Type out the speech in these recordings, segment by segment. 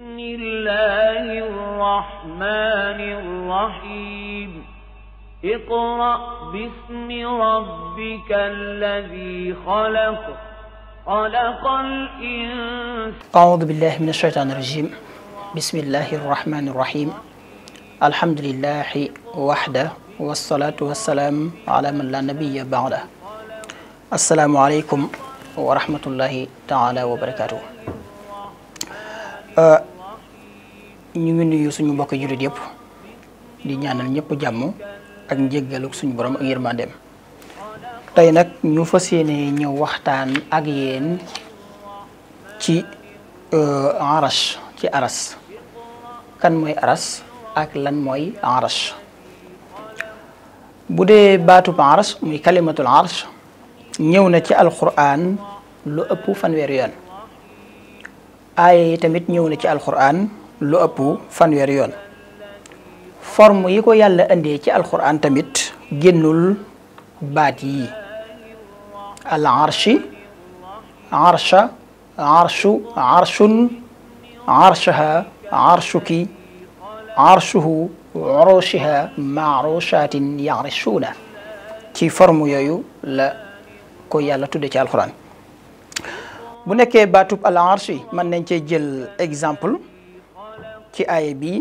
بسم الله الرحمن الرحيم اقرأ باسم ربك الذي خلق خلق الإنسان أعوذ بالله من الشيطان الرجيم بسم الله الرحمن الرحيم الحمد لله وحده والصلاة والسلام على من لا نبي بعده السلام عليكم ورحمة الله تعالى وبركاته Eh, ñu ngi nuyu suñu mbokk julit yëpp di ñaanal ñëpp jàmm ak njéggaluk suñu borom ak yërmandeem tey nag ñu fas ñëw waxtaan ak yéen ci eh, arash ci aras kan mooy aras ak lan mooy arash bu dee baatub arash muy kalimatul arash ñëw na ci alquran lu ëpp fanweeri yoon aaya tamit ñëw na ci alxuraan lu ëpp fanweer yoon forme yi ko yàlla indee ci alxuraan tamit génnul baat yi al arshi arsha arshu arshun arshaha arshuki arshuhu urushiha maarushatin yarishuuna ci forme yooyu la ko yàlla tudde ci alxuraan bu nekké batub al arshi man nañ ci jël exemple ci aaya bi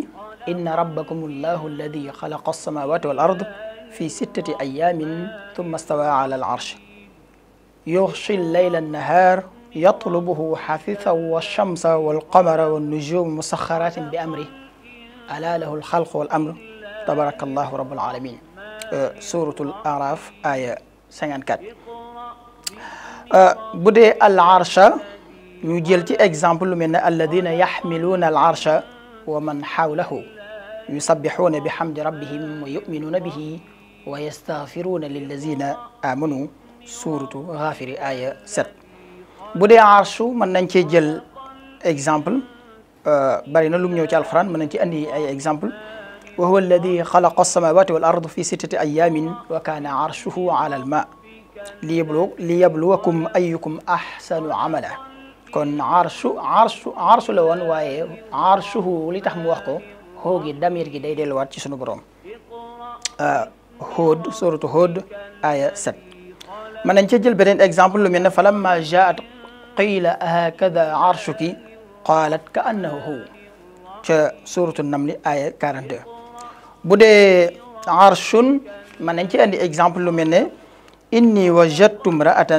inna rabbakum allahu khalaqa as-samawati wal ard fi sittati ayamin thumma stawa ala al arshi yughshi arsh yuxshi allayla annahaar يطلبه حثيثا والشمس والقمر والنجوم مسخرات بأمره ألا له الخلق والأمر تبارك الله رب العالمين سورة الأعراف آية 54 بودي العرش يجلتي اكزامبل من الذين يحملون العرش ومن حوله يسبحون بحمد ربهم ويؤمنون به ويستغفرون للذين امنوا سوره غافر ايه 7 بودي عرش من نانتي جيل اكزامبل بارينا لوم نيو تي الفران من نانتي اندي اي اكزامبل وهو الذي خلق السماوات والارض في سته ايام وكان عرشه على الماء liyablu liyabluwakum ayukum ahsanu amala kon arshu arshu arshu la woon waaye arshuhu li tax mu wax ko xoo gi damir gi day delluwaat ci sunu borom ah, Hud suratu Hud aya 7 mën nañ cee jël beneen exemple lu mel ne falamma jaat qila hakada arshuki qaalat ka annahu hu ca suratu namli aya 42 bu dee arshun mën nañ ci andi exemple lu mel ne إني وجدت امرأة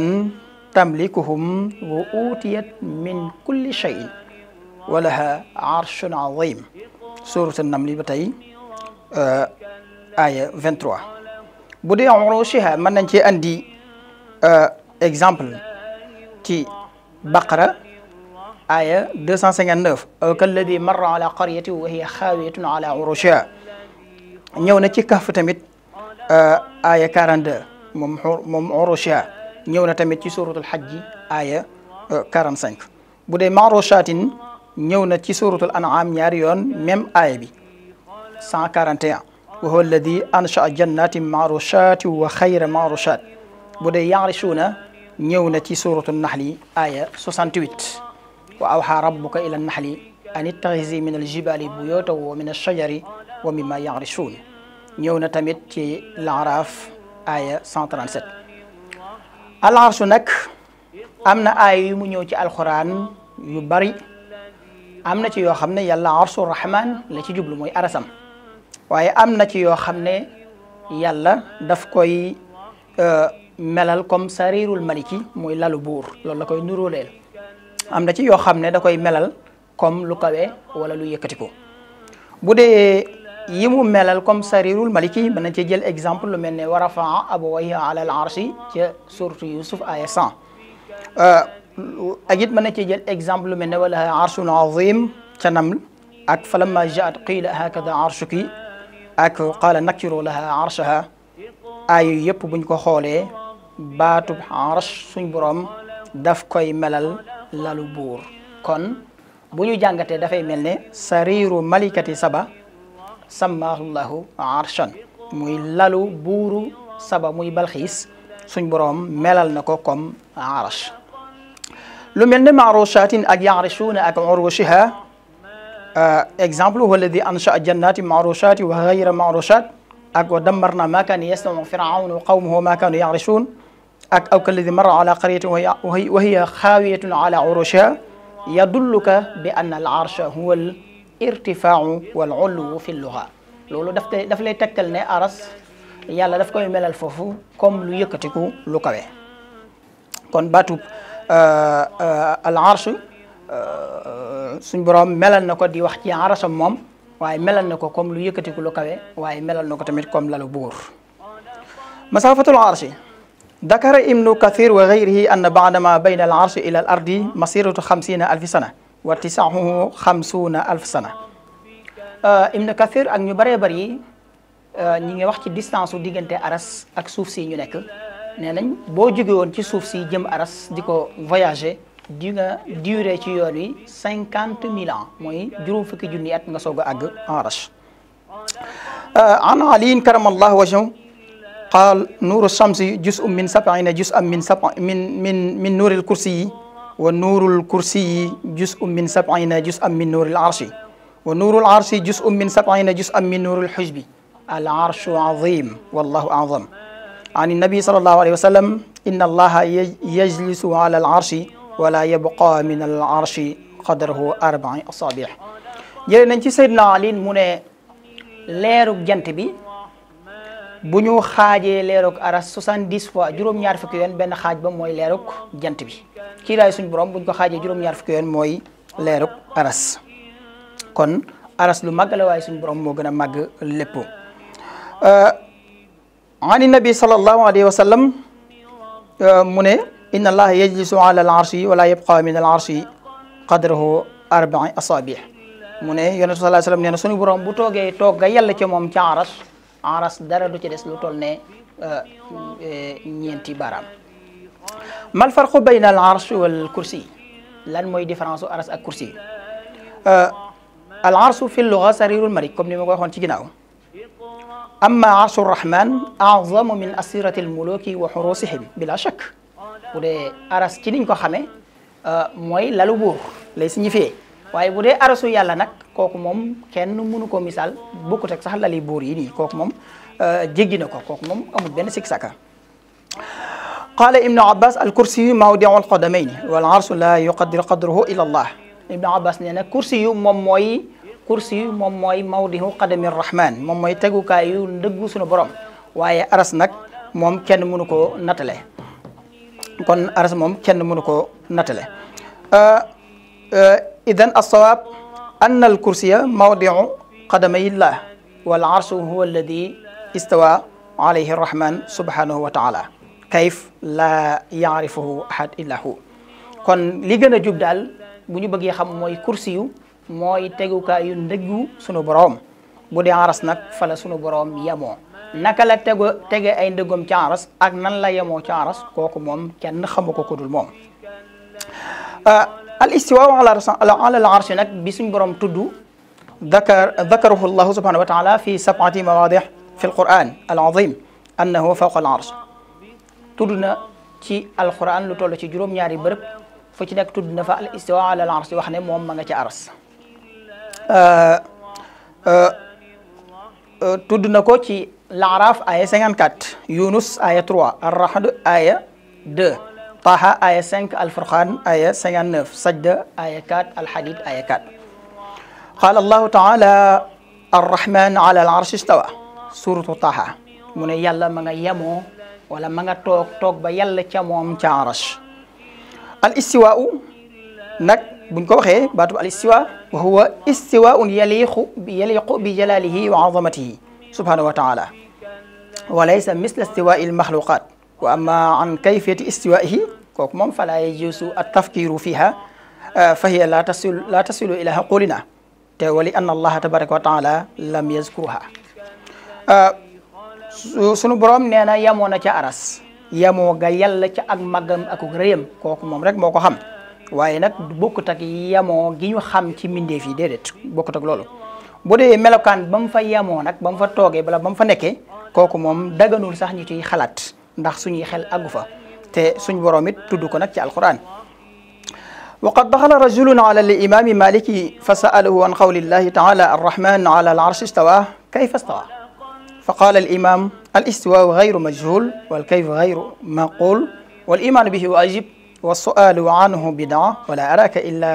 تملكهم وأوتيت من كل شيء ولها عرش عظيم سورة النمل بتاي آه، آية 23 بودي عروشها من أنت أندي example تي بقرة آية 259 كل الذي مر على قرية وهي خاوية على عروشها نيونا تي كهف تمت آية 42 moom moom urusha ñëw na tamit ci suratul xajji aaya 45 bu dee marushatin ñëw na ci suratul an'am ñaari yoon même aaya bi 141 wa huwa alladi anshaa jannatin marushati wa xayra marushat bu dee yarishuuna ñëw na ci suratul naxli aaya 68 wa awxaa rabbuka ila naxli an ittaxisi min aljibali buyootaw wa min alshajari wa mimma yarishuun ñëw na tamit ci laaraaf aaya 137 alxarsu nag am na aaya yu mu ñëw ci alxuraan yu bari am na ci yoo xam ne yàlla arsu rahman la ci jublu mooy arasam waaye am na ci yoo xam ne yàlla daf koy melal comme sarirul maliki mooy lalu buur loolu la koy nuróoleel am na ci yoo xam ne da koy melal comme lu kawe wala lu yëkkatiku bu dee yi mu melal comme sarirul maliki mën nañ cee jël exemple lu mel ne wa rafaa abawayhi ala al arshi ca suratu Yusuf aya 100 euh, ak it mën nañ cee jël exemple lu mel ne wala arshun azim ca naml ak falamma jaat qila hakada arshuki ak qala nakiru laha arshaha ayu yëpp buñ ko xoolee baatub arsh suñ borom daf koy melal lalu buur kon bu ñu jàngatee dafay mel ne sariru malikati saba sammaahullaahu arshan muy lalu buuru saba muy balxiis suñ boroom melal na ko comme arsh lu mel ne maarushatin ak yarishuuna ak urushiha exemple huwa alladi ansha jannati maarushati wa gayra maarushat ak wa dammarna ma kan yasnau firaun wa qawmuhu ma kanu yarishuun ak aw kalladi marra ala qaryatin wa hiya xaawiyatun ala urushiha yadulluka bi anna al arsha huwa الارتفاع والعلو في اللغه لولو داف داف لي تكال ني ارس يالا داف كوي ميلال فوفو كوم لو ييكاتيكو لو كاوي كون باتو العرش آه بروم ميلال نكو دي واخ تي عرش موم واي ميلال نكو كوم لو ييكاتيكو لو كاوي واي ميلال نكو تاميت كوم لالو بور مسافه العرش ذكر ابن كثير وغيره ان بعد ما بين العرش الى الارض مسيره 50 الف سنه وتسعه خمسون ألف سنة Ibn Kathir ak ñu bëree bëri ñi ngi wax ci distance su diggante aras ak suuf si ñu nekk nee nañ boo jóge woon ci suuf si jëm aras di ko voyager di nga durée ci yoon wi cinquante mille ans mooy juróom fukki junni at nga soog a àgg en arash an aliin karamallahu wajhahu qaal nuuru shamsi juz'un min sab'iina juz'an min sab'i min min min nuuril kursiyi والنور الكرسي جزء من سبعين جزءا من نور العرش ونور العرش جزء من سبعين جزءا من نور الحجب العرش عظيم والله أعظم عن النبي صلى الله عليه وسلم إن الله يجلس على العرش ولا يبقى من العرش قدره أربع أصابع جلنا سيدنا علي من ليرو جنتبي bu ñu xaajee leerug aras soixante-dix fois juróom-ñaar fukki yoon benn xaaj ba mooy leerug jant bi kiiraay suñu borom bu ñu ko xaajee juróom-ñaar fukki yoon mooy leerug aras kon aras lu màgg la waaye suñu borom moo gën a màgg lépp ani nabi sallallahu alayhi wa sallam mu ne inna allaha yajlisu ala al arshi wala yabqa min al arshi qadrahu arbai asabih mu ne yonent sallallahu alayhi wa suñu borom bu toogee toog ga yàlla ca moom ca aras aras dara du ci dess lu toll ne ñenti baram mal farqu bayna al arsh wal kursi lan moy différence aras ak kursi euh al arsh fi al sarir al malik comme ni ma ko waxoon ci ginaaw amma arshu rahman azamu min asirati almuluki wa xurusihim bila shak bu dee aras ci niñ ko xamee mooy lalu buur lay signifié waye boudé arasu yàlla nak koku mom kenn mënu ko misal bokkut ak sax lali bour yi ni koku mom euh na ko koku mom amul ben sik saka قال ابن عباس الكرسي موضع القدمين والعرش لا يقدر قدره إلا الله ابن عباس نينا كرسي موم موي كرسي موم موي موضع قدم الرحمن موم موي تاغو كايو ندغو سونو بروم واي أرس نك موم كين منوكو ناتالي كون أرس موم كين منوكو ناتالي أه أه إذا الصواب أن الكرسي موضع قدمي الله والعرش هو الذي استوى عليه الرحمن سبحانه وتعالى كيف لا يعرفه أحد إلا هو كون لغنى جبدال بني بغي خم موي كرسي موي تيغو كاي ندغو سونو بروم بودي عرس نك فلا سونو بروم يامو نكلا تيغو تيغي اي ندغوم تي عرس اك نان لا يامو تي عرس كوكو موم كين خمو كودول موم آه الاستواء على على العرش نك بسم برم تدو ذكر ذكره الله سبحانه وتعالى في سبعة مواضع في القرآن العظيم أنه فوق العرش تدنا في القرآن لطول تجروم جروم ياري برب فتنك تدنا فالاستواء على العرش وحنا مهم مغا تعرس تدنا كو في العراف آية 54 يونس آية 3 الرحد آية 2 طه آية 5 الفرخان آية 59 سجد آية 4 الحديد آية 4 قال الله تعالى الرحمن على العرش استوى سورة طه من يلا من يمو ولا من توك توك بيلا كموم كعرش الاستواء نك بنكوه باتو الاستواء وهو استواء يليق يليق بجلاله وعظمته سبحانه وتعالى وليس مثل استواء المخلوقات wa amma an kayfiyati istiwaihi kooku moom falaa yajuusu at tafkiru fiha fa la ah, tasilu la tasilu ila xaqulina te wali anna allaha tabaraka wa taala lam yazkuruha ah, sunu borom nee na yemoo na ca aras yemoo ga yàlla ca ak màggam ak rëyam moom rek moo ko xam waaye nag bokkut ak yemoo gi ñu xam ci mbindeef yi déedéet bokkut loolu bu dee melokaan ba fa yemoo nag ba fa toogee bala ba mu fa nekkee kooku moom daganul sax ñu ciy ndax suñuy xel agufa te suñ borom it tuddu ko nak ci alquran وقد دخل رجل على الإمام مالك فسأله عن قول الله تعالى الرحمن على العرش استوى كيف استوى فقال الإمام الاستواء غير مجهول والكيف غير معقول والإيمان به واجب والسؤال عنه بدعة ولا أراك إلا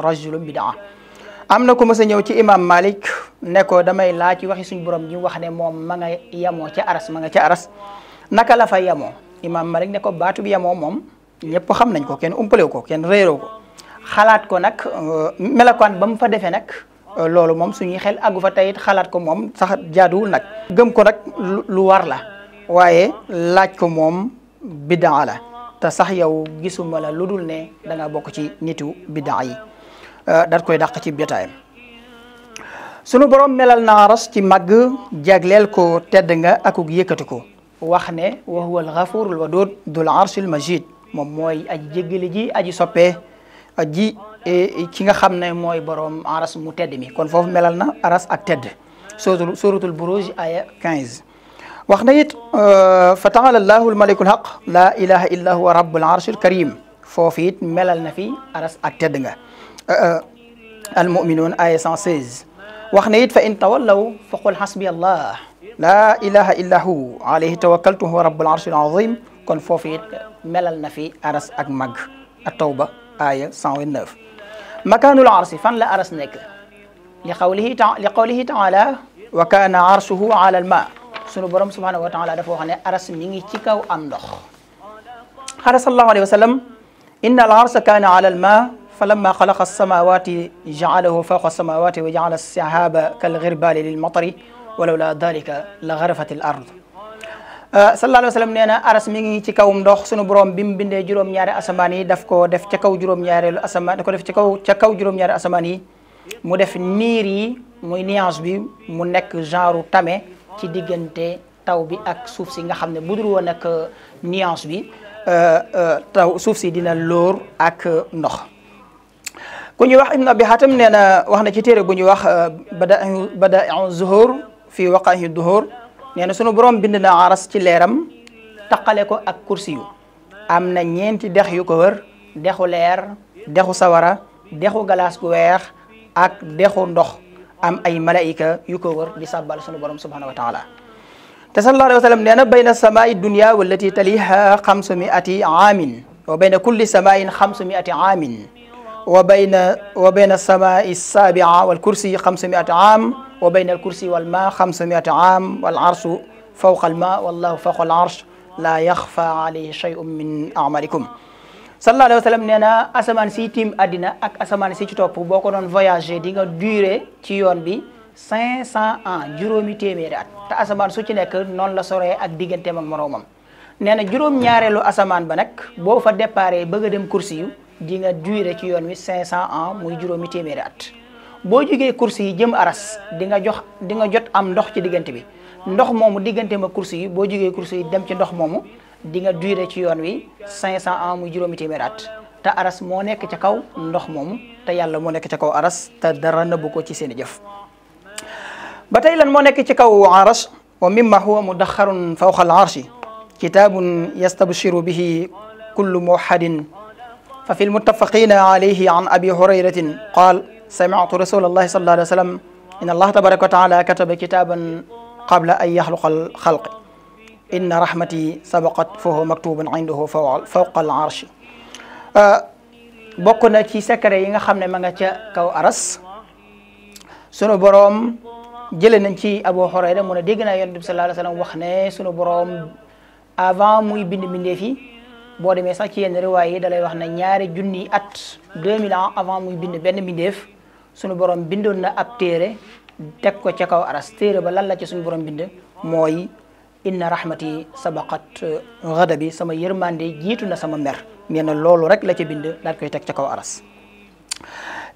رجل بدعة am na ko mës مالك ñëw ci imam Malik ne ko damay laaj ci waxi suñ borom ñi wax ne ma nga aras ma nga aras naka la imam malik ne ko batu bi yamo mom ñepp xam nañ ko kian umpalew ko ken reero ko xalaat ko nak euh, melakon bam fa defé nak euh, lolu mom suñu xel agu fa tayit xalaat ko mom sax jaaduwul nak gem ko nak lu war la waaye laaj ko mom bid'a la ta sax yow gisuma la ne da nga bok ci nitu bid'a yi euh, dar koy dàq ci jotaayam sunu borom melal na aras ci mag jaglel ko tedd nga akuk yëkkati wax ne wa huwa alxafuur alwadud dul arshil majid moom mooy aji jéggale ji aji soppee aji ki nga xam ne mooy borom aras mu tedd mi kon foofu melal na aras ak tedd suratul suratul buruj aya 15 wax na it fa taala allahu almalikul haq la ilaha illa huwa rabbul arshil karim foofu it melal na fi aras ak tedd nga almuminuun aya 116 wax na it fa in tawallaw faqul xasbi allah لا إله إلا هو عليه توكلت هو رب العرش العظيم كن فوفيت ملل نفي أرس أجمج التوبة آية 109 مكان العرش فن لا أرس نك لقوله, تع... لقوله تعالى وكان عرشه على الماء سنو برم سبحانه وتعالى دفوه أن أرس نيني تيكو أندخ قال صلى الله عليه وسلم إن العرش كان على الماء فلما خلق السماوات جعله فوق السماوات وجعل السحاب كالغربال للمطر walawla dalika la xarafat al ard sallallahu alayhi wa sallam nee na aras mi ngi ci kawum ndox sunu borom bi mu bindee juróom-ñaari asamaan yi daf ko def ca kaw juróom-ñaareelu asamaan da ko def ca kaw ca kaw juróom-ñaari asamaan yi mu def niir yi muy nuance bi mu nekk genre tame ci diggante taw bi ak suuf si nga xam ne budul woon ak nuance bi taw suuf si dina lóor ak ndox ku ñuy wax ibnu abi hatim nee na wax na ci téere bu ñuy wax bada bada zuhur في وقعه الظهور نحن سنو بروم بندنا عرس تي ليرم تقاليكو اك كرسيو امنا نين تي دخيو كور دخو لير دخو سوارا دخو غلاس كوير اك دخو ندخ ام اي ملائكة يكور دي سابال سنو بروم سبحانه وتعالى تسال الله عليه وسلم نحن بين السماء الدنيا والتي تليها خمسمائة عام وبين كل سماء خمسمائة عام وبين وبين السماء السابعة والكرسي خمسمائة عام وبين الكرسي والماء خمسمائة عام والعرش فوق الماء والله فوق العرش لا يخفى عليه شيء من أعمالكم sallallahu alayhi wa sallam nee na asamaan si tiim àddina ak asamaan si ci topp boo ko doon voyager di nga duré ci yoon bi cinq cent ans juróomi téeméeri at te asamaan su ci nekk noonu la soree ak digganteem ak moroomam nee na juróom-ñaareelu asamaan ba nag boo fa déparé bëgg a dem kursi yu di nga duré ci yoon wi cinq cent ans muy juróomi téeméeri at bo joge kursi yi jëm aras di nga jox di nga jot am ndox ci digënté bi ndox momu digënté ma kursi yi bo joge kursi yi dem ci ndox momu di nga duré ci yoon wi 500 ans mu juróomi témérat ta aras mo nek ci kaw ndox momu ta yàlla mo nek ci kaw aras ta dara bu ko ci seen jëf batay lan mo nek ci kaw aras wa mimma huwa mudaxarun fawqa al arshi kitabun yastabshiru bihi kullu muwahhadin ففي المتفقين عليه alayhi an هريرة قال سمعت رسول الله صلى الله عليه وسلم إن الله تبارك وتعالى كتب كتابا قبل أن يخلق الخلق إن رحمتي سبقت فهو مكتوب عنده فوق العرش بكنا كي سكر ينغ خمنا مغتا كو أرس سنو بروم جلنا كي أبو حريرة من ديغنا يندب صلى الله عليه وسلم وخنا سنو بروم avant muy bind bindé fi bo démé sax ci yéne riwaye dalay wax na ñaari junni at 2000 ans avant muy suñu borom bindoon na ab téere teg ko ca kaw aras téere ba lan la ci suñu borom bind mooy inna rahmati sabaqat ghadabi sama yërmande jiitu na sama mer nee na loolu rek la ca bind daal koy teg ca kaw aras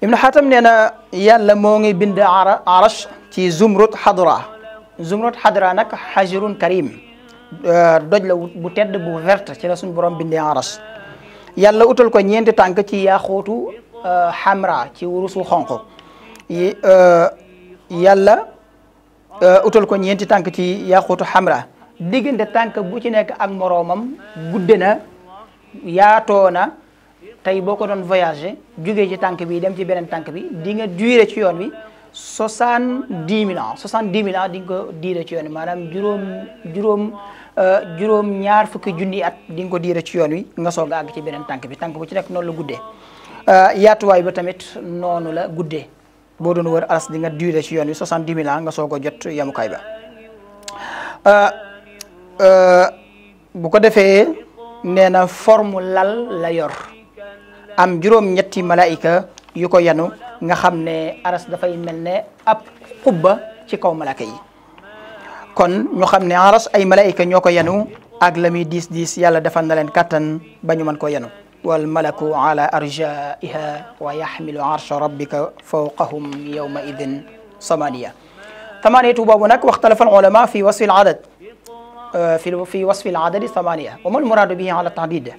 ibnu xatam nee na yàlla moo ngi bind arash ci zumrut xadra zumrut xadra nag xajirun karim euh, doj la bu tedd bu verte ci la suñu borom bindee arash yàlla utal ko ñeenti tànk ci yaaxootu xamra euh, ci wurusu xonq yi euh, yàlla euh, utal ko ñeenti tànk ci yaquutu xamra diggante tànk bu ci nekk ak moroomam gudde na yaatoo na tey boo ko doon voyager jógee ci tank bi dem ci beneen tànk bi di nga durer ci yoon bi soixante-dix mille ans soixante-dix mille ans di nga ko diire ci yoon wi maanaam juróom juróom juróom ñaar fukki junni at di nga ko diire ci yoon wi nga soog a ci beneen tànk bi tànk bu ci nekk noonu la guddee Euh, yaatuwaay ba tamit noonu la guddee boo doon wër aras di nga duré ci yoon wi soixante-dix mille ans nga soog a jot yamukaay ba euh, euh, bu ko defee nee na forme lal la yor am juróom-ñetti malaayika yu ko yanu nga xam ne aras dafay mel ne ab xubba ci kaw malaaka yi kon ñu xam ne aras ay malaayika ñoo ko yanu ak la muy diis diis yàlla defal na leen kàttan ba ñu mën koo yanu والملك على أرجائها ويحمل عرش ربك فوقهم يومئذ ثمانية ثمانية بابناك واختلف العلماء في وصف العدد آه، في في وصف العدد ثمانية وما المراد به على التعديد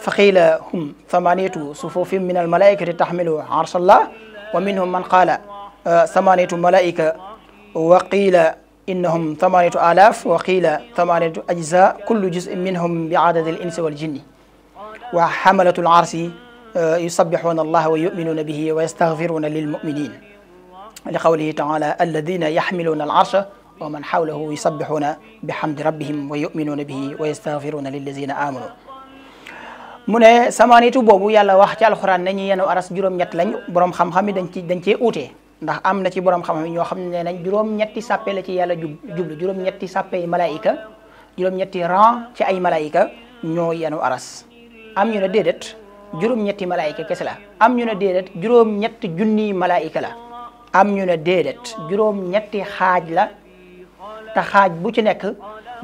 فقيل هم ثمانية صفوف من الملائكة تحمل عرش الله ومنهم من قال آه، ثمانية ملائكة وقيل إنهم ثمانية آلاف وقيل ثمانية أجزاء كل جزء منهم بعدد الإنس والجن وحملة العرش يسبحون الله ويؤمنون به ويستغفرون للمؤمنين لقوله تعالى الذين يحملون العرش ومن حوله يسبحون بحمد ربهم ويؤمنون به ويستغفرون للذين آمنوا mu ne samaanitu boobu yàlla wax ci alxuraan nañu yenu aras juróom-ñett lañ borom xam-xam yi dañ ci dañ cee uute ndax am na ci borom xam-xam yi ñoo xam ne nañ juróom-ñetti sàppe la ci yàlla jublu juróom-ñetti sàppe malaayika juróom-ñetti ran ci ay malaayika ñoo yenu aras am ñu ne déedéet juróom-ñetti malaayika kese la am ñu ne déedéet juróom-ñetti junniy la am ñu ne déedéet juróom xaaj la te xaaj bu ci nekk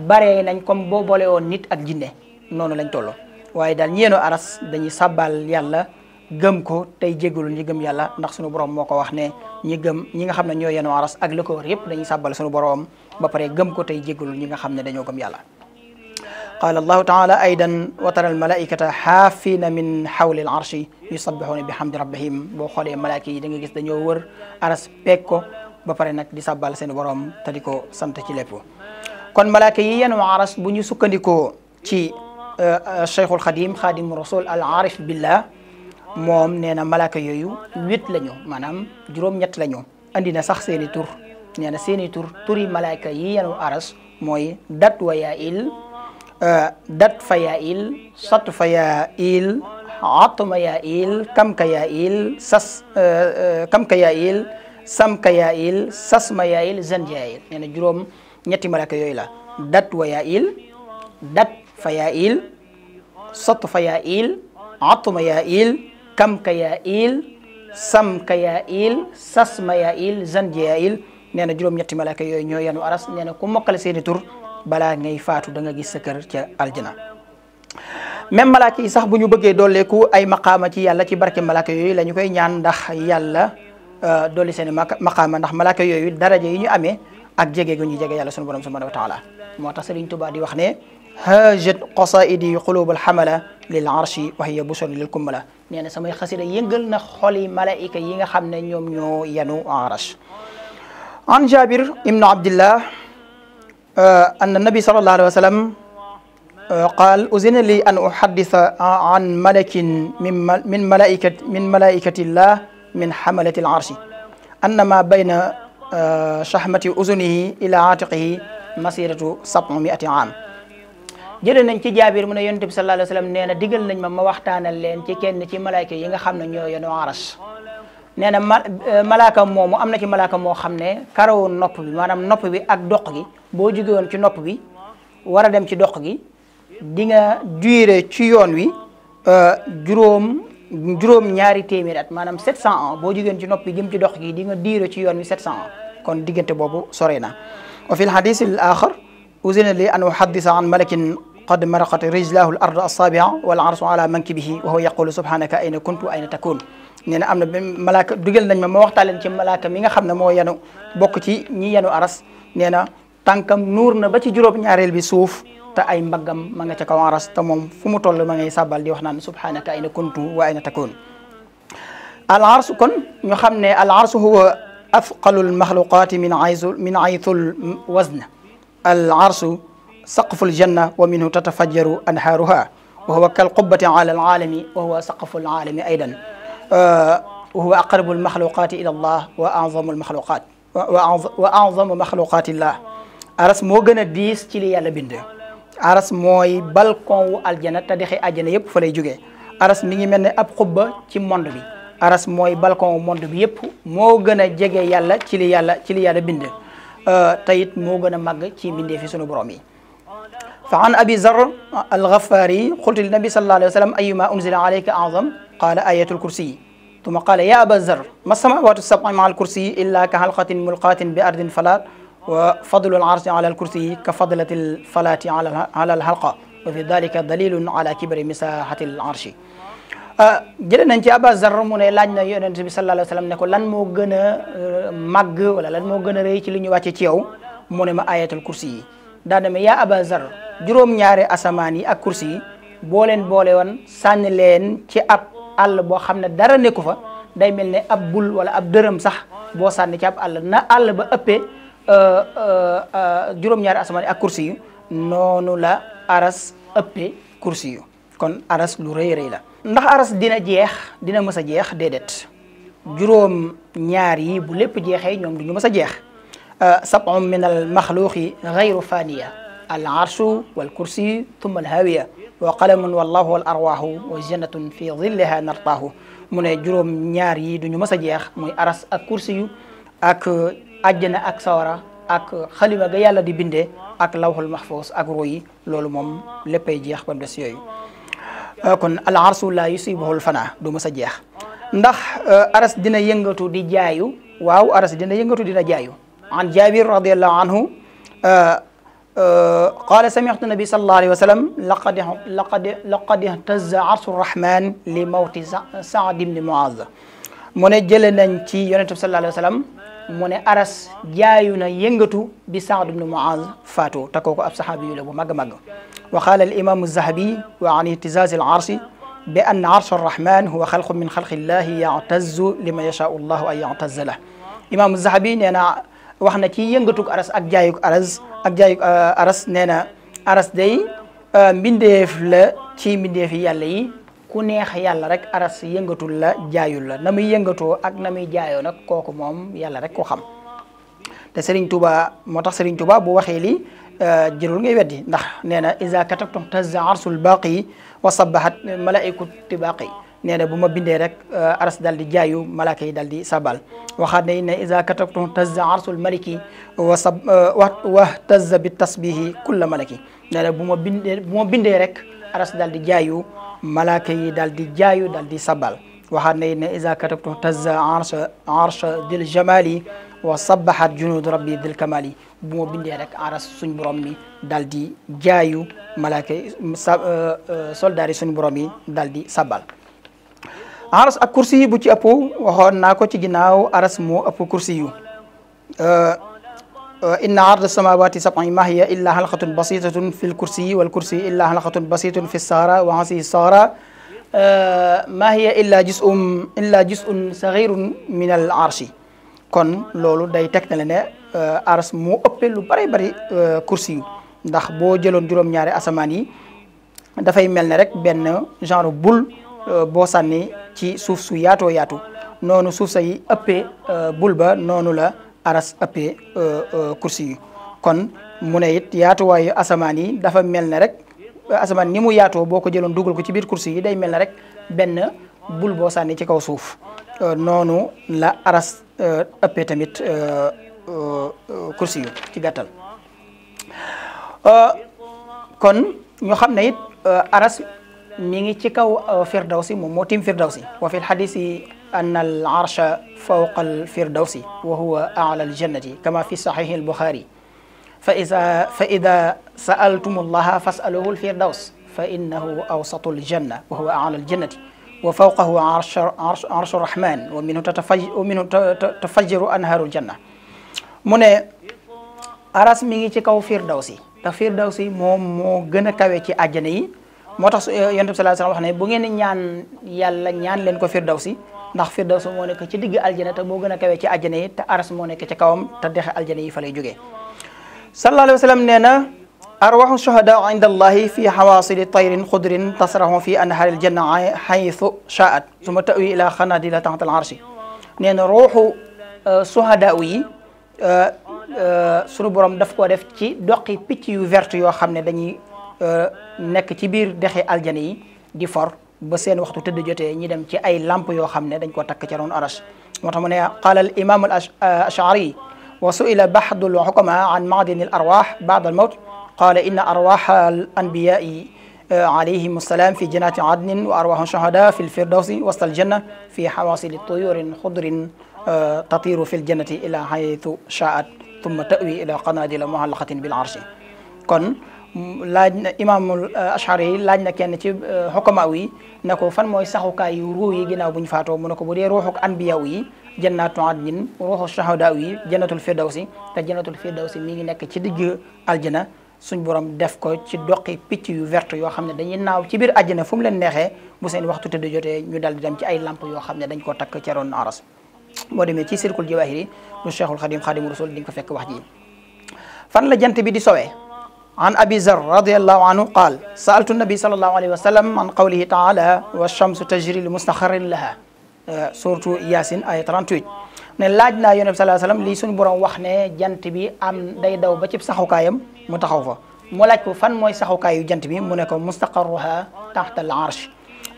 baree nañ comme boo boole woon nit ak jinne noonu lañ tolloo waaye daal ñeeno aras dañuy sabal yàlla gëm ko tey jégalu ñi gëm yàlla ndax sunu borom moo ko wax ne ñi gëm ñi nga xam ne ñoo yéenoo aras ak la ko wër yëpp dañuy sabbal sunu borom ba pare gëm ko tey jégalu ñi nga xam ne dañoo gëm yàlla. قال الله تعالى أيضا وترى الملائكة حافين من حول العرش يسبحون بحمد ربهم بوخول الملائكة دنجي جس دنيو ور أرس بيكو بفرنك دي سبال سين وروم تليكو سمت كيلفو كون ملائكة ينو عرس بني سكنكو تي الشيخ الخديم خادم رسول العارف بالله موم نينا ملائكة يو ويت لنيو مانام جروم نيت لنيو عندنا سخ سيني تور نينا سيني تور توري ملائكة ينو عرس موي دات ويائل dat fa yaa il sat fa yaa il atma yaa il kam ka yaa il sas kam ka yaa il sas ma yaa il zan yaa il nee na juróom ñetti malaka yooyu la dat wa il dat fa yaa il sat fa yaa il atma yaa il kam ka yaa il sam ka yaa il sas ma yaa il zan yaa il nee na juróom ñetti malaka yooyu ñoo aras nee na ku mokkale seeni tur bala ngay faatu da nga gis sa kër ci aljana même malaaka yi sax buñu bëggé dolé ku ay maqama ci yàlla ci barke malaaka yoy lañu koy ñaan ndax yàlla dolli seen maqama ndax malaaka yoy daraaje yi ñu amé ak jege gu ñu jege yàlla sunu borom subhanahu wa taala moo tax Sëriñ Tuubaa di wax ne hajat qasaidi qulubal xamala lil arshi wa hiya bushra lil kumala nee samay xasida yëngal na xoli malaika yi nga xamne ñom ñoo yanu arash an jabir ibnu abdillah أن النبي صلى الله عليه وسلم قال أذن لي أن أحدث عن ملك من من ملائكة من ملائكة الله من حملة العرش أن ما بين شحمة أذنه إلى عاتقه مسيرة 700 عام jëlee nañ ci jaabir mu ne yonent bi sallallahu alayhi wa sallam nee na digal nañ ma ma waxtaanal leen ci kenn ci malaayka yi nga xam ne ñoo yenu aras nee na ma malaaka moomu am na ci malaaka moo xam ne karawu nopp bi maanaam nopp bi ak doq gi boo jóge woon ci nopp bi war a dem ci doq gi di nga duré ci yoon wi juróom juróom ñaari téeméer at maanaam 700 ans boo jóge woon ci nopp bi jëm ci doq gi di nga duré ci yoon wi 700 ans kon diggante boobu sore na wa fi lhadis al axar usina li an uhaddisa an malakin قد مرقت رجلاه الأرض الصابعة والعرش على منكبه وهو يقول سبحانك أين كنت وأين تكون nee amna malaka na nañ ma ma waxtaan ci malaka mi nga xamne mo yanu bok ci ñi yanu aras nee tànkam nur na ba ci juroom ñaarel bi suuf ta ay mbagam ma nga ci kaw aras ta mom fu mu toll ma ngay sàbbal di wax naan subhanaka ayna kuntu wa ayna takun al ars kon ñu xamne al ars huwa afqalul maxluqaati min aysu min aytul wasna al arsu saqful janna wa minhu tatafajjaru anhaaruha wa huwa kal qubbati ala al aalami wa huwa وهو آه، أقرب المخلوقات إلى الله وأعظم المخلوقات وأعظم مخلوقات الله أرس موغن ديس تلي يالا بنده أرس موي بالكون الجنة تدخي أجنة يب فلي جوغي أرس ميني من أب قبة تي موندو أرس موي بالكون موندو بي يب موغن جيغي يالا تلي يالا تلي يالا بنده تايت موغن مغ تي بنده في سنو برومي فعن أبي ذر الغفاري قلت للنبي صلى الله عليه وسلم أيما أنزل عليك أعظم قال آية الكرسي ثم قال يا أبا ذر ما السماوات السبع مع الكرسي إلا كحلقة ملقاة بأرض فلا وفضل العرش على الكرسي كفضلة الفلاة على على الحلقة وفي ذلك دليل على كبر مساحة العرش آه، جلنا أنت أبا ذر من mu النبي صلى الله عليه وسلم نقول لن موغن آه، مغ ولا لن موغن ريك لن يواتي تيو من آية الكرسي daa demee yaa aba zar juróom-ñaari asamaan yi ak kursi yi boo leen boole woon sànni leen ci ab àll boo xam ne dara nekku fa day mel ne ab bul wala ab dërëm sax boo sànni ci ab àll na àll ba ëppee euh, euh, euh, juróom-ñaari asamaan yi ak kursi yu noonu la aras ëppee kursi yu kon aras lu rëy rëy la ndax aras dina jeex dina mës a jeex déedéet juróom ñaar yi bu lépp jeexee ñoom du ñu mës a jeex آه، سبع من المخلوق غير فانية العرش والكرسي ثم الهاوية وقلم والله والأرواح وجنة في ظلها نرطاه من جروم نياري دنيو مسجيخ من أرس الكرسي أك أجنة أك سورة أك خليبة غيالة دي بنده أك لوح المحفوظ أك روي لولموم لبي جيخ بندسيوي أكون آه، العرس لا يصيبه الفنا دو مسجيخ ndax aras dina yëngatu di jaayu waaw aras dina yëngatu dina jaayu عن جابر رضي الله عنه آه، آه، قال سمعت النبي صلى الله عليه وسلم لقد لقد لقد اهتز عرش الرحمن لموت سعد بن معاذ من جل ننتي يونس صلى الله عليه وسلم من ارس جاينا ينغتو بسعد بن معاذ فاتو تكوك اب صحابي لو ماغ ماغ وقال الامام الذهبي وعن اهتزاز العرش بان عرش الرحمن هو خلق من خلق الله يعتز لما يشاء الله ان يعتز له امام الذهبي انا wax na ci yëngatug aras ak jaayug aras ak jaayug aras nee na aras day mbindeef la ci mbindeefi yàlla yi ku neex yàlla rek aras yëngatul la jaayul la na muy yëngatoo ak na muy jaayoo nag kooku moom yàlla rek ko xam te Serigne Touba moo tax Serigne Touba bu waxee lii jërul ngay weddi ndax nee na isa katabtum tazza arsul baqi wa sabahat malaikatu tibaqi nee na bu ma bindee rek aras dal jaayu malaaka yi sabal waxaat ne inna isa katabtum tazza arsul maliki wa sab wa tazza bi tasbihi kulla malaki nee na bu ma bindee bu ma rek aras dal jaayu malaaka yi jaayu dal sabal waxaat ne inna isa katabtum tazza arsha arsha dil jamali wa sabahat junud rabbi dil kamali bu ma bindee rek aras suñ borom mi dal jaayu malaaka yi suñ borom yi sabal aras ak kursi yi bu ci ëpp waxoon naa ko ci ginnaaw aras moo ëpp kursi yu inna arda samawati sabi ma hiya illa halqatun basitatun fi lkursiyi walkursi illa halqatun basitun fi saara wa ansihi saara ma hiya illa juz'un illa juz'un saghirun min al arshi kon loolu day tegtale ne aras moo ëppe lu bari bari kursi yu ndax boo jëloon juróom-ñaari asamaan yi dafay mel ne rek benn genre boule Euh, boo sànni ci suuf su yaatoo yaatu noonu suuf sa yi ëppee euh, bul ba noonu la aras ëppee euh, kursi yi kon mu ne it yaatuwaayu asamaan yi dafa mel ne rek asamaan ni mu yaatoo boo ko jëloon dugal ko ci biir kursi yi day mel ne rek benn bul boo sànni ci kaw suuf noonu la aras ëppee tamit kursi yu ci gàttal kon ñu xam ne it aras ميغي تي كاو آه، فردوس مو موتيم فردوس وفي الحديث ان العرش فوق الفردوس وهو اعلى الجنه كما في صحيح البخاري فاذا فاذا سالتم الله فاسالوه الفردوس فانه اوسط الجنه وهو اعلى الجنه وفوقه عرش عرش, عرش الرحمن ومنه تتفجر ومنه تفجر انهار الجنه من اراس ميغي تي كاو فردوس فردوس مو مو غنا كاوي تي motax yantou sallallahu alayhi wasallam waxne bu ngeen ñaan yàlla ñaan leen ko firdawsi ndax firdawsi mo nek ci digg aljana ta mo gëna kawe ci aljana yi ta aras mo nek ci kawam ta dexe aljana yi fa lay joggé sallallahu alayhi wasallam neena arwahu arwaxu inda allahi fi xawaasili tayr xudrin tasrahu fi anhaari aljanna haythu shaat thumma tawi ila khanadila taxta alarshi nee na ruuxu shuhadaa sunu borom daf ko def ci doqi picc yu vert yo xamne dañuy nek ci bir dexe aljana yi di for ba seen waxtu tëdd jote ñi dem ci ay lampe yo xamne dañ ko tak ci ron arash moo tax mu ne qala al imam al ashari wa suila bahd al hukama an ma'din al arwah ba'd al mawt in arwah al anbiya عليهم السلام في جنات عدن وأرواح الشهداء في الفردوس وسط الجنة في حواصل طيور خضر تطير في الجنة إلى حيث شاءت ثم تأوي إلى قناديل معلقة بالعرش كن laaj na imaamul ashari laaj na kenn ci xokamaaw yi na ko fan mooy saxukaay yu ruux yi ginnaaw bu ñu faatoo mu ne ko bu dee ruuxuk anbiyaaw yi jannatu adnin ruuxu shahadaaw yi jannatul firdawsi te jannatul firdawsi mi ngi nekk ci digg aljana suñ borom def ko ci doqi picc yu verte yoo xam dañuy naaw ci biir aljana fu leen neexee bu seen waxtu tëdd jotee ñu dal di dem ci ay lamp yoo xam dañ koo takk ca ron aras boo demee ci circul jawahiri bu cheikhul xadim xadim rasul di ko fekk wax ji fan la jant bi di sowee عن أبي ذر رضي الله عنه قال سألت النبي صلى الله عليه وسلم عن قوله تعالى والشمس تجري لمستخر لها آه، سورة ياسين آية 38 نلاجنا يونس صلى الله عليه وسلم ليسون برا وحنا جنتبي أم ديدو بجيب سحوكايم متخوفة ملاك فن موي سحوكاي جنتبي منكم مستقرها تحت العرش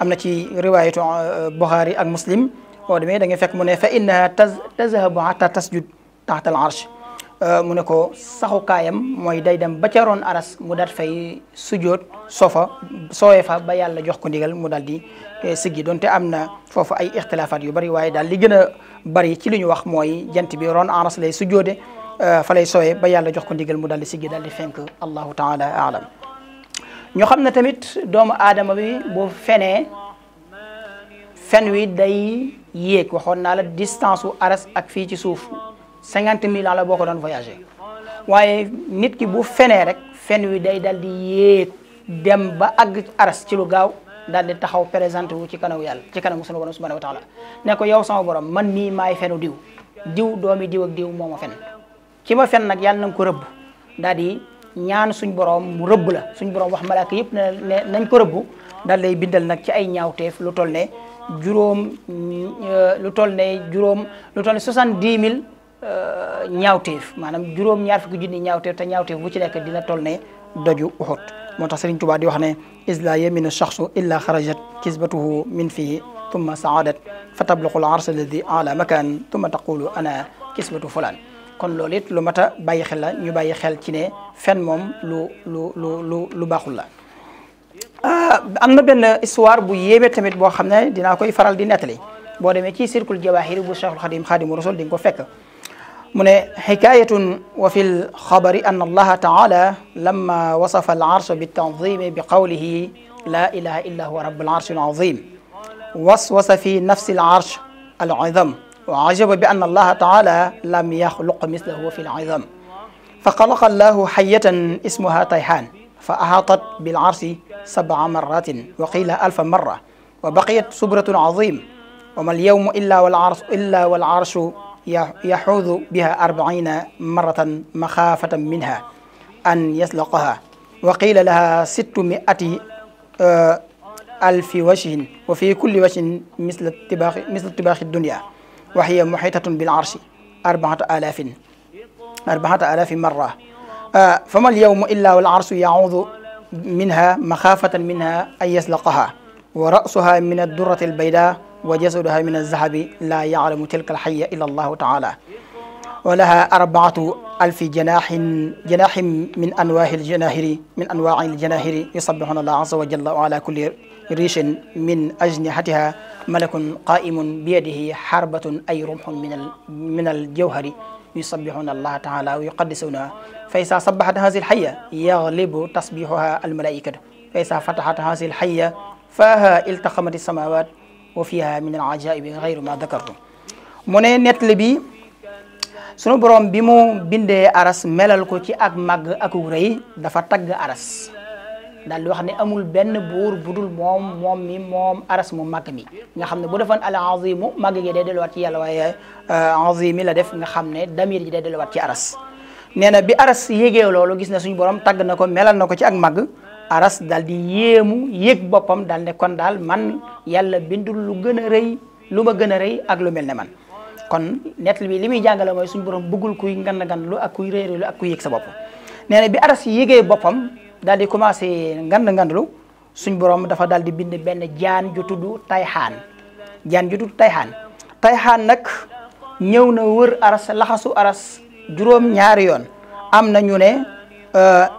أم تي رواية بخاري المسلم ودمي دنجي فك فإنها تذهب حتى تسجد تحت العرش Euh, mu ne ko saxukaayam mooy day dem ba ca roon aras mu daat fay sujoot sofa soowee fa ba yàlla jox ko ndigal mu daal di eh, siggi donte am na foofu ay ixtilaafaat yu bari waaye daal li gën a bari ci li ñu wax mooy jant bi roon aras lay sujoode euh, fa ba yàlla jox ko ndigal mu daal di siggi di fenk allahu taala alam ñu xam ne tamit doomu aadama bi bu fenee fen wi day yéeg waxoon naa la distance aras ak fii ci suuf cinquante mille la boo ko doon voyagé waaye nit ki bu fenee rek fen wi day dal di yéeg dem ba àgg aras ci lu gaaw daal di taxaw présenté wu ci kanaw yàlla ci kanamu sunu borom subhanahu wa taala ne ko yow sama borom man mii maay fenu diw diw doomi diw ak diw moom ma fen ki ma fen nag yàlla na ko rëbb daal di ñaan suñ borom mu rëbb la suñ borom wax malaaka yëpp ne ko rëbb daal lay bindal nag ci ay ñaawteef lu toll ne juróom euh, lu tol ne juróom lu tol ne soixante-dix mille ñaawteef manam juróom ñaar fukki junni ñaawteef te ñaawteef bu ci nek dina toll ne doju uhud motax serigne touba di wax ne isla yaminu shaxsu illa kharajat kisbatuhu min fi thumma saadat fatablaqu al ala makan thumma taqulu ana kisbatu fulan kon lolit lu mata a bàyyi xel la ñu bàyyi xel ci ne fen mom lu lu lu lu lu baaxul la amna ben histoire bu yeme tamit bo xamne dina koy faral di netali bo demé ci cercle jawaahir bu Cheikhul khadim khadim Rasul ding ko fekk من حكاية وفي الخبر أن الله تعالى لما وصف العرش بالتنظيم بقوله لا إله إلا هو رب العرش العظيم وسوس في نفس العرش العظم وعجب بأن الله تعالى لم يخلق مثله في العظم فخلق الله حية اسمها طيحان فأحاطت بالعرش سبع مرات وقيل ألف مرة وبقيت صبرة عظيم وما اليوم إلا والعرش, إلا والعرش يحوذ بها أربعين مرة مخافة منها أن يسلقها وقيل لها ستمائة آه، ألف وجه وفي كل وجه مثل الطباخ مثل طباخ الدنيا وهي محيطة بالعرش أربعة آلاف أربعة آلاف مرة آه، فما اليوم إلا والعرش يعوض منها مخافة منها أن يسلقها ورأسها من الدرة البيضاء وجسدها من الذهب لا يعلم تلك الحية إلا الله تعالى ولها أربعة ألف جناح جناح من أنواع الجناهر من أنواع الجناهر يسبحون الله عز وجل وعلى كل ريش من أجنحتها ملك قائم بيده حربة أي رمح من من الجوهر يسبحون الله تعالى ويقدسونها فإذا صبحت هذه الحية يغلب تصبيحها الملائكة فإذا فتحت هذه الحية فها التقمت السماوات وفيها من العجائب غير ما ذكرته من نتلبي سنو بروم بيمو بيند ارس ملال كو تي اك ماغ اك ري دا فا تاغ ارس دال لي واخني امول بن بور بودول موم موم مي موم ارس مو ماغ مي نيغا خامني بو دافان ال عظيم ماغ جي ديدل وات يالا واي آه، عظيم لا ديف نيغا خامني دامير جي ديدل وات تي ارس نينا بي ارس ييغي لولو غيسنا سنو بروم تاغ نكو ملال نكو تي اك ماغ aras dal di yemu yek bopam dal ne kon dal man yalla bindul lu gëna a rëy lu ma ak lu melne man kon netal bi limi jangala moy suñu borom bëggul kuy ngand ngan lu ak kuy réere lu ak kuy yek sa bop neena bi aras yegge bopam dal di commencé ngand lu suñu borom dafa dal di bind ben jaan ju tuddu tayhan jaan ju tuddu tayhan tayhan nak ñew na wër aras laxasu aras juroom ñaar yoon am na ñu ne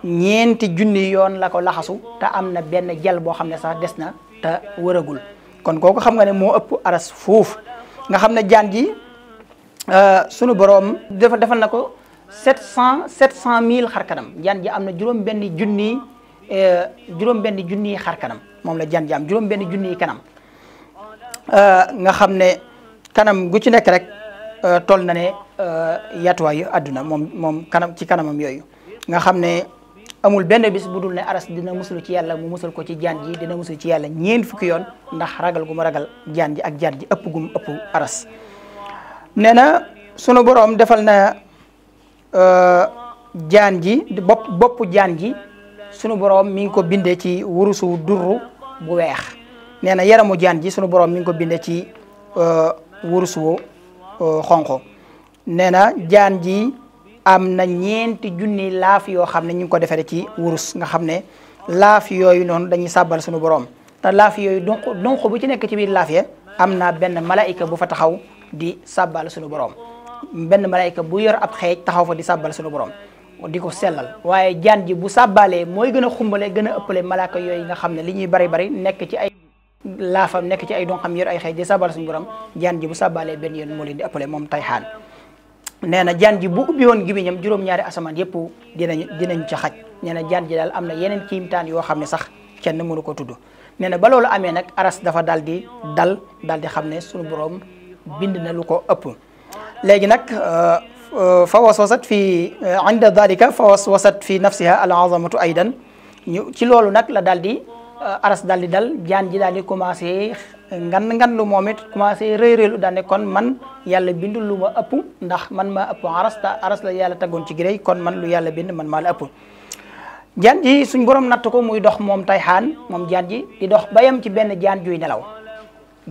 ñeenti junni yoon la ko laxasu te am na benn jel boo xam ne sax des na te wëragul kon kooku xam nga ne moo ëpp aras foofu nga xam ne jaan ji euh, sunu boroom dafa defal na ko sept cent cent mille xar kanam ji am na juróom benn junni euh, juróom benn junni xar kanam moom la jaan ji am juróom benn junni kanam euh, nga xam ne kanam gu ci nekk rek tol na ne yatuwaayu àdduna moom moom kanam ci kanamam yooyu nga xam ne amul benn bis bu dul ne aras dina muslu ci yàlla mu musal ko ci jaan ji dina musal ci yàlla ñeent fukki yoon ndax ragal gu mu ragal jaan ji ak jaan ji ëpp gu mu ëpp nee na sunu boroom defal na euh, jaan ji bopp boppu jaan ji sunu boroom mi ngi ko bindee ci wurusu durru bu weex nee na yaramu jaan ji sunu borom mi ngi ko bindee ci euh, wurusu euh, xonq nee na jaan ji am na ñeenti junni laaf yoo xam ne ñu ngi ko defaree ci wurus nga xam ne laaf yooyu noonu dañuy sàbbal suñu borom te laaf yooyu donc donc bu ci nekk ci biir laaf ya am naa benn malaayika bu fa taxaw di sàbbal suñu borom benn malaayika bu yor ab xeej taxaw fa di sàbbal suñu borom di ko sellal waaye jaan ji bu sàbbalee mooy gën a xumbale gën a ëppale malaaka yooyu nga xam ne li ñuy bari bari nekk ci ay laafam nekk ci ay donxam yor ay xeej di sàbbal suñu borom jaan ji bu sàbbalee benn yoon moo leen di ëppale moom tayxaan nee na jaan ji bu ubbi woon gémmiñam juróom-ñaari asamaan yëpp dinañ dinañ ca xaj nee na jaan ji daal am na yeneen kiimtaan yoo xam ne sax kenn mënu ko tudd nee na ba loolu amee nag aras dafa daal di dal daal di xam ne suñu borom bind na lu ko ëpp léegi nag euh, fa waswasat fi euh, inda dalika fa waswasat fi nafsiha al azamatu aydan ñu ci loolu nag la daal di euh, aras daal di dal jaan ji daal di commencé ngan ngan lu momit kuma commencé lu dane kon man yalla bindu lu ma ëpp ndax man ma ëpp aras ta aras la yalla tagon ci girey kon man lu yalla bind man mal la ëpp jaan ji suñ borom natt ko muy dox mom tayhan mom jaan ji di dox bayam ci ben jaan juy nelaw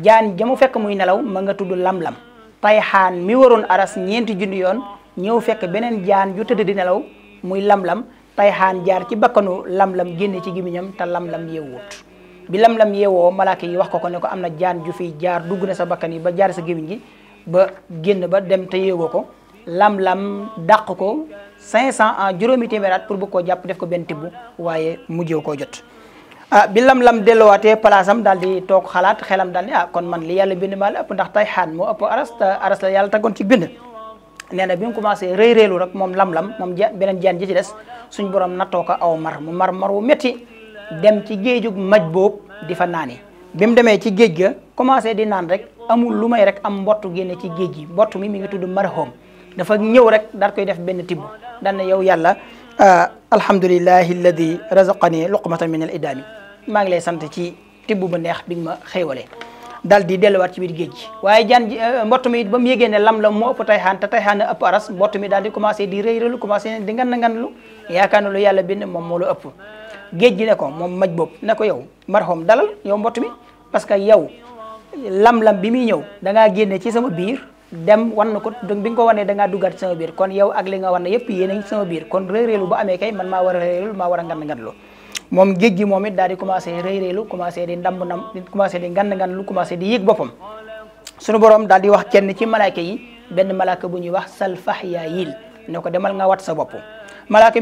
jaan jamu fekk muy nelaw ma nga tuddu lam lam tayhan mi waron aras ñent junni yoon ñew fekk benen jaan ju tëdd di nelaw muy lam lam tayhan jaar ci bakkanu lam lam genn ci gimiñam ta lam lam yewut bi lam lam yewo malaaka yi wax ko ko ne ko jar jaan ju fi jaar dug na sa bakkan ba jaar sa gi ba genn ba dem te yewo ko lam-lam dak ko 500 ans juromi temerat pour bu ko japp def ko benn waye waaye mujjee ko jot ah bi lam-lam waté place am daldi di khalat xelam daal ah kon man li yalla bind mal ëpp ndax tay xaan mo ëpp aras aras la yalla tagon ci bind neena bi mu commencé reey reelu rek mom lam-lam mom benen jaan ji ci dess suñ borom natoka aw mar mu mar mar wu dem ci géejug maj boobu di fa naani bi mu demee ci géej ga commencé di naan rek amul lu may rek am mbottu génne ci géej gi mbottu mi mi ngi tudd marhum dafa ñëw rek daal koy def benn tibb daan na yow yàlla alhamdulillahi alladi razaqani luqmatan min al idami maa ngi lay sant ci tibb ba neex bi ma xéewalee dal di delluwaat ci biir géej gi waaye jaan mbott mi ba mu yégee ne lam la moo ëpp tayxaan te tayxaan ëpp aras mbott mi daal di commencé di rëy rëlu commencé di ngan na ngan lu yaakaar na lu yàlla bind moom moo lu ëpp géej gi ne ko moom maj bopp ne ko yow marxoom dalal yow mbott mi parce que yow lam-lam bi muy ñëw da ngaa génne ci sama biir dem wan na ko bi nga ko wanee da ngaa duggaat sama biir kon yow ak li nga wan ne yëpp yéen a sama biir kon réeréelu bu amee kay man maa war a réeréelu war a ngan ngan lu moom géej gi moom it daal di commencé réeréelu commencé di ndamb nam commencé di ngan ngan lu commencé di yëg boppam sunu borom daal di wax kenn ci malaaka yi benn malaaka bu ñuy wax salfax yaa yil ne ko demal nga wat sa bopp malaaka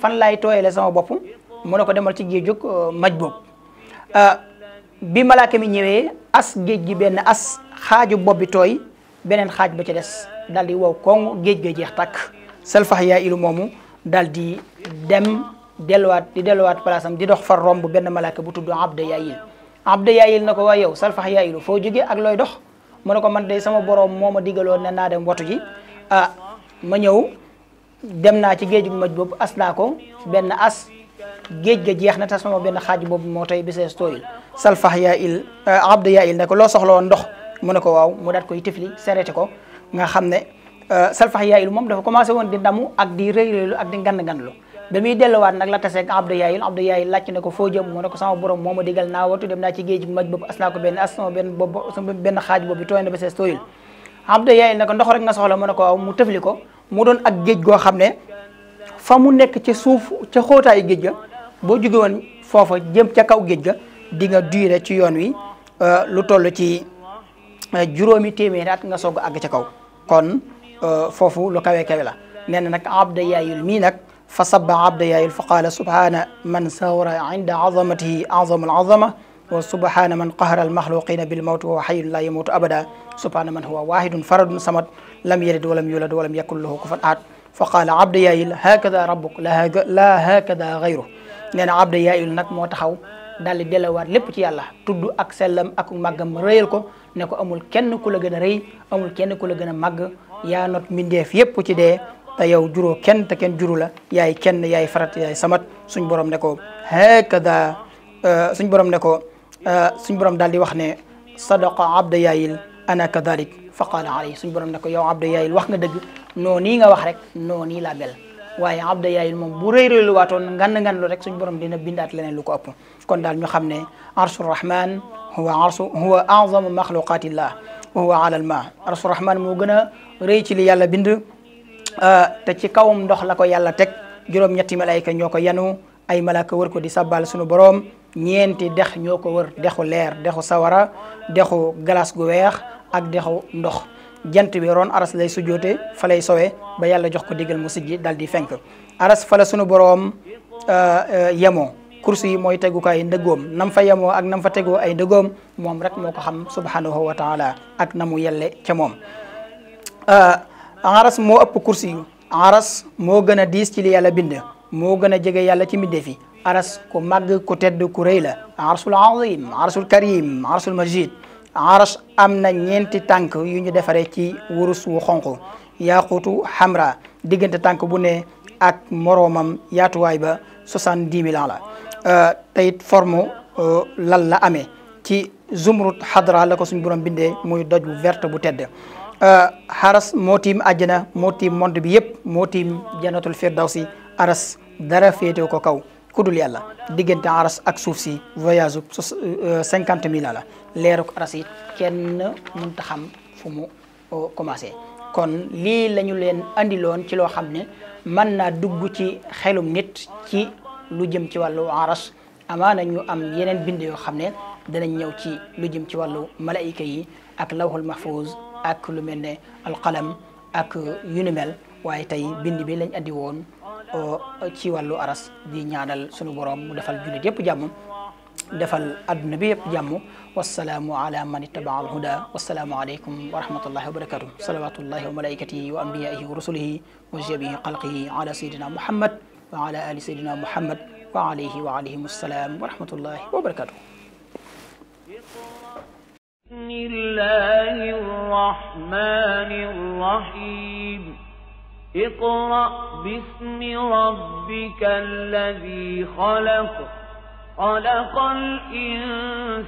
fan laay tooyale sama bopp mu ne ko demal ci géejug euh, maj boobu euh, bi malaaka mi ñëwee as géej gi benn as xaaju bopp bi tooy beneen xaaj ba ci des daal di wow koŋ géej ga jeex takk salfax yaa ilu moomu daal di dem delluwaat di delluwaat palaasam di dox far romb benn malaaka bu tudd abda yaa il abda yaa il ko waa yow salfax yaa ilu foo jógee ak looy dox mu ne ko man de sama boroom moo ma digaloon ne naa dem watu ji ah ma ñëw dem naa ci géej gu maj boobu as naa ko benn géej ga jeex na te sama benn xaaj boobu moo tey bisees tooyul salfax yaa il abd yaa il ne ko loo soxla woon ndox mu ne ko waaw mu daat koy tifli serete ko nga xam ne salfax yaa il moom dafa commencé woon di ndamu ak di rëy-rëylu ak di ngann nganlu ba muy delluwaat nag la taseeg abd yaa il abd yaa il laaj ne ko foo jëm mu ne ko sama borom moo ma digal naa watu dem naa ci géej bi maj boobu as naa ko benn as sama benn boobu sama benn xaaj boobu tooy na bisees tooyul abd yaa il ne ko ndox rek nga soxla mu ne ko waaw mu tëfli ko mu doon ak géej goo xam ne fa mu nekk ca suuf ca xóotaayu géej ga boo jóge woon foofa jëm ca kaw géej ga dinga nga duré ci yoon wi euh, lu toll ci euh, juróomi téeméeri at nga soog àgg ca kaw kon euh, foofu lu kawe kawe la nee na nag abda yaayul mii nag fa sabba abda yaayul fa qaala subhaana man sawra inda azamatihi azamul azama wa subhaana man qahara almaxluqina bil mawt wa xayun la yamutu abada subhaana man huwa wahidun faradun samad lam yalid walam yulad walam yakun lahu kufan ahad فقال عبد يائل هكذا ربك لا لا هكذا غيره نين عبد يائل نك مو تخاو دال ديلوات لب سي الله تود اك سلام اك ماغام ريل كو نكو امول كين كولا غن ري امول كين كولا غن ماغ يا نوت مينديف ييب سي دي تا يو جورو كين تا كين جورو لا ياي كين ياي فرات ياي سمات سون بروم نكو هكذا سون بروم نكو سون بروم دال دي واخ ني صدق عبد يائل انا كذلك فقال عليه سون بروم نكو يا عبد يائل واخ نغا دغ noonu nga wax rek noni la bel waye waaye abda mom bu reey reey lu waton ngand ngand lu rek suñu borom dina bindat leneen lu ko upp kon dal ñu xamne ne arshu rahman huwa arshu huwa a'zam makhluqati llah huwa ala alma ma arshu rahman mo gëna reey ci li yàlla bind euh te ci kawum ndox la ko yàlla tek juróom-ñetti malaika ñoko yanu ay malaka wër ko di sabbal suñu borom ñeenti dex ñoko wër dexu leer dexu sawara dexu glace gu weex ak dexu ndox jant bi ron aras lay sujoote fa lay sowee ba yàlla jox ko digal mu sijji dal di fenk aras fa la sunu boroom euh, euh, yemoo kursi yi mooy tegu ko ay ndëggoom nam fa yemoo ak nam fa tegoo ay ndëggoom moom rek moo ko xam subhanahu wa taala ak namu mu yelle ca moom euh, aras moo ëpp kursi yu aras moo gën a diis ci li yàlla bind moo gën a jege yàlla ci mbindéef yi aras ku màgg ku tedd ku rëy la arasul azim arasul karim arasul aras am na ñeenti tànk yu ñu defaree ci wurus wu xonq yaaqutu xamra diggante tànk bu ne ak moroomam yaatuwaay ba soixante-dix mille ans la euh, teyit forme euh, lan la amee ci zumrut xadra la ko suñ borom bindee muy doj bu verte bu tedd xaras euh, moo tiim àjjana moo tiim monde bi yëpp moo tiim janatul firdawsi aras dara féetew ko kaw kudul yàlla diggante aras ak suuf si voyage euh, cinquante mille la leeruk aras it kenn mënta xam fu mu euh, commencé kon lii lañu leen andiloon ci loo xam ne man naa dugg ci xelum nit ci lu jëm ci wàllu aras na ñu am yeneen bind yoo xam ne danañ ñëw ci lu jëm ci wàllu malaayika yi ak lawhul mahfuz ak lu mel ne alqalam ak yu ni mel waaye tey bind bi lañ andi woon ci walu aras di ñaanal sunu borom mu defal julit yëpp jàmm defal aduna bi yëpp jàmm wasalaamu ala man ittabaa al huda wasalaamu aleykum wa rahmatullahi wa barakatuh salawatullahi wa malaikatihi wa anbiyaihi wa rusulihi wa jabihi xalqihi ala sayidina muhammad wa ala ali sayidina muhammad wa alayhi wa alayhim assalaam wa rahmatullahi wa barakatuh بسم الله الرحمن الرحيم اقرأ باسم ربك الذي خلق خلق الإنسان